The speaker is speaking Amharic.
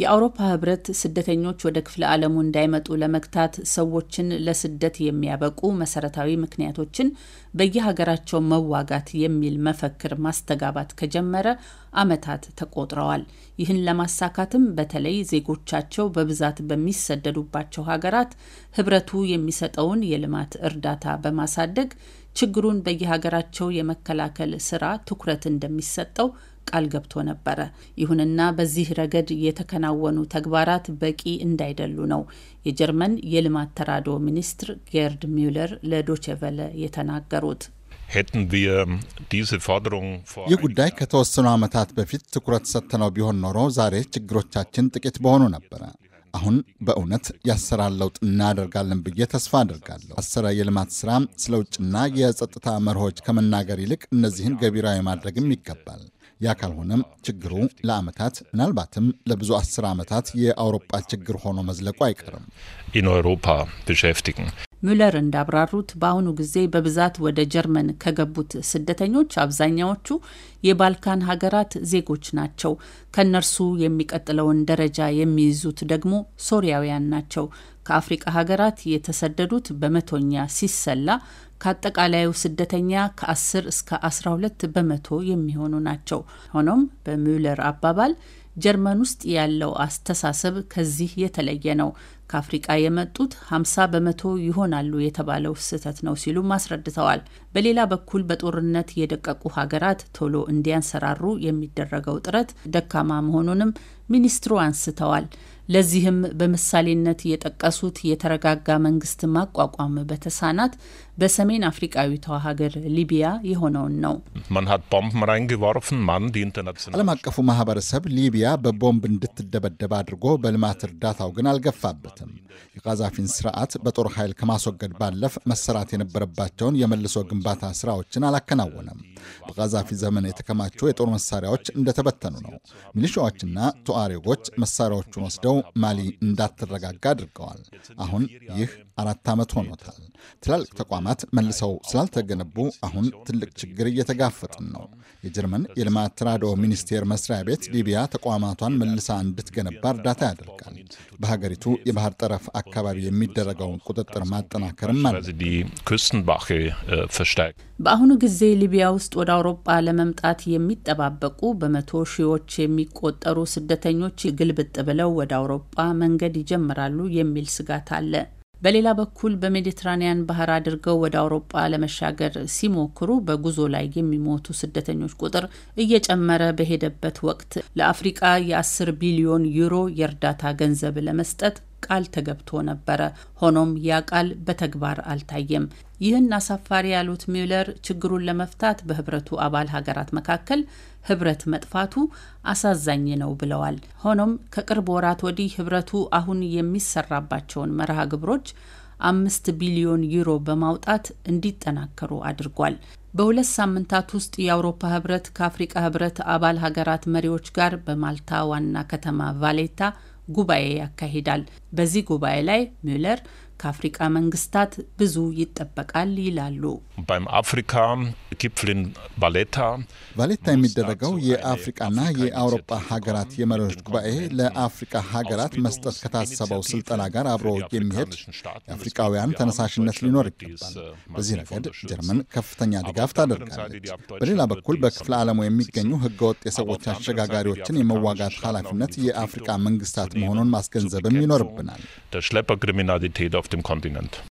የአውሮፓ ህብረት ስደተኞች ወደ ክፍለ ዓለሙ እንዳይመጡ ለመግታት ሰዎችን ለስደት የሚያበቁ መሰረታዊ ምክንያቶችን በየሀገራቸው መዋጋት የሚል መፈክር ማስተጋባት ከጀመረ ዓመታት ተቆጥረዋል። ይህን ለማሳካትም በተለይ ዜጎቻቸው በብዛት በሚሰደዱባቸው ሀገራት ህብረቱ የሚሰጠውን የልማት እርዳታ በማሳደግ ችግሩን በየሀገራቸው የመከላከል ስራ ትኩረት እንደሚሰጠው ቃል ገብቶ ነበረ። ይሁንና በዚህ ረገድ የተከናወኑ ተግባራት በቂ እንዳይደሉ ነው የጀርመን የልማት ተራድኦ ሚኒስትር ጌርድ ሚውለር ለዶቼቨለ የተናገሩት። ይህ ጉዳይ ከተወሰኑ ዓመታት በፊት ትኩረት ሰጥተነው ቢሆን ኖሮ ዛሬ ችግሮቻችን ጥቂት በሆኑ ነበረ። አሁን በእውነት ያሰራ ለውጥ እናደርጋለን ብዬ ተስፋ አድርጋለሁ። አሰረ የልማት ስራ ስለ ውጭና የጸጥታ መርሆች ከመናገር ይልቅ እነዚህን ገቢራዊ ማድረግም ይገባል። ያ ካልሆነም ችግሩ ለዓመታት ምናልባትም ለብዙ አስር ዓመታት የአውሮጳ ችግር ሆኖ መዝለቁ አይቀርም። ሙለር እንዳብራሩት በአሁኑ ጊዜ በብዛት ወደ ጀርመን ከገቡት ስደተኞች አብዛኛዎቹ የባልካን ሀገራት ዜጎች ናቸው። ከነርሱ የሚቀጥለውን ደረጃ የሚይዙት ደግሞ ሶሪያውያን ናቸው። ከአፍሪቃ ሀገራት የተሰደዱት በመቶኛ ሲሰላ ከአጠቃላዩ ስደተኛ ከ10 እስከ 12 በመቶ የሚሆኑ ናቸው። ሆኖም በሚውለር አባባል ጀርመን ውስጥ ያለው አስተሳሰብ ከዚህ የተለየ ነው። ከአፍሪቃ የመጡት 50 በመቶ ይሆናሉ የተባለው ስህተት ነው ሲሉም አስረድተዋል። በሌላ በኩል በጦርነት የደቀቁ ሀገራት ቶሎ እንዲያንሰራሩ የሚደረገው ጥረት ደካማ መሆኑንም ሚኒስትሩ አንስተዋል። ለዚህም በምሳሌነት የጠቀሱት የተረጋጋ መንግስት ማቋቋም በተሳናት በሰሜን አፍሪቃዊቷ ሀገር ሊቢያ የሆነውን ነው። ዓለም አቀፉ ማህበረሰብ ሊቢያ ሊቢያ በቦምብ እንድትደበደብ አድርጎ በልማት እርዳታው ግን አልገፋበትም። የቃዛፊን ስርዓት በጦር ኃይል ከማስወገድ ባለፍ መሰራት የነበረባቸውን የመልሶ ግንባታ ስራዎችን አላከናወነም። በቃዛፊ ዘመን የተከማቸው የጦር መሳሪያዎች እንደተበተኑ ነው። ሚሊሻዎችና ቱዋሬጎች መሳሪያዎቹን ወስደው ማሊ እንዳትረጋጋ አድርገዋል። አሁን ይህ አራት ዓመት ሆኖታል። ትላልቅ ተቋማት መልሰው ስላልተገነቡ አሁን ትልቅ ችግር እየተጋፈጥን ነው። የጀርመን የልማት ተራድኦ ሚኒስቴር መስሪያ ቤት ሊቢያ ተቋ ተቋማቷን መልሳ እንድትገነባ እርዳታ ያደርጋል። በሀገሪቱ የባህር ጠረፍ አካባቢ የሚደረገውን ቁጥጥር ማጠናከርም አለ። በአሁኑ ጊዜ ሊቢያ ውስጥ ወደ አውሮፓ ለመምጣት የሚጠባበቁ በመቶ ሺዎች የሚቆጠሩ ስደተኞች ግልብጥ ብለው ወደ አውሮፓ መንገድ ይጀምራሉ የሚል ስጋት አለ። በሌላ በኩል በሜዲትራኒያን ባህር አድርገው ወደ አውሮጳ ለመሻገር ሲሞክሩ በጉዞ ላይ የሚሞቱ ስደተኞች ቁጥር እየጨመረ በሄደበት ወቅት ለአፍሪቃ የ10 ቢሊዮን ዩሮ የእርዳታ ገንዘብ ለመስጠት ቃል ተገብቶ ነበረ። ሆኖም ያ ቃል በተግባር አልታየም። ይህን አሳፋሪ ያሉት ሚውለር ችግሩን ለመፍታት በህብረቱ አባል ሀገራት መካከል ህብረት መጥፋቱ አሳዛኝ ነው ብለዋል። ሆኖም ከቅርብ ወራት ወዲህ ህብረቱ አሁን የሚሰራባቸውን መርሃ ግብሮች አምስት ቢሊዮን ዩሮ በማውጣት እንዲጠናከሩ አድርጓል። በሁለት ሳምንታት ውስጥ የአውሮፓ ህብረት ከአፍሪቃ ህብረት አባል ሀገራት መሪዎች ጋር በማልታ ዋና ከተማ ቫሌታ ጉባኤ ያካሂዳል። በዚህ ጉባኤ ላይ ሚለር ከአፍሪቃ መንግስታት ብዙ ይጠበቃል ይላሉ። በአፍሪካ ቫሌታ ቫሌታ የሚደረገው የአፍሪቃና የአውሮፓ ሀገራት የመሪዎች ጉባኤ ለአፍሪቃ ሀገራት መስጠት ከታሰበው ስልጠና ጋር አብሮ የሚሄድ የአፍሪቃውያን ተነሳሽነት ሊኖር ይገባል። በዚህ ረገድ ጀርመን ከፍተኛ ድጋፍ ታደርጋለች። በሌላ በኩል በክፍለ ዓለሙ የሚገኙ ህገወጥ የሰዎች አሸጋጋሪዎችን የመዋጋት ኃላፊነት የአፍሪቃ መንግስታት መሆኑን ማስገንዘብም ይኖርብናል። dem Kontinent.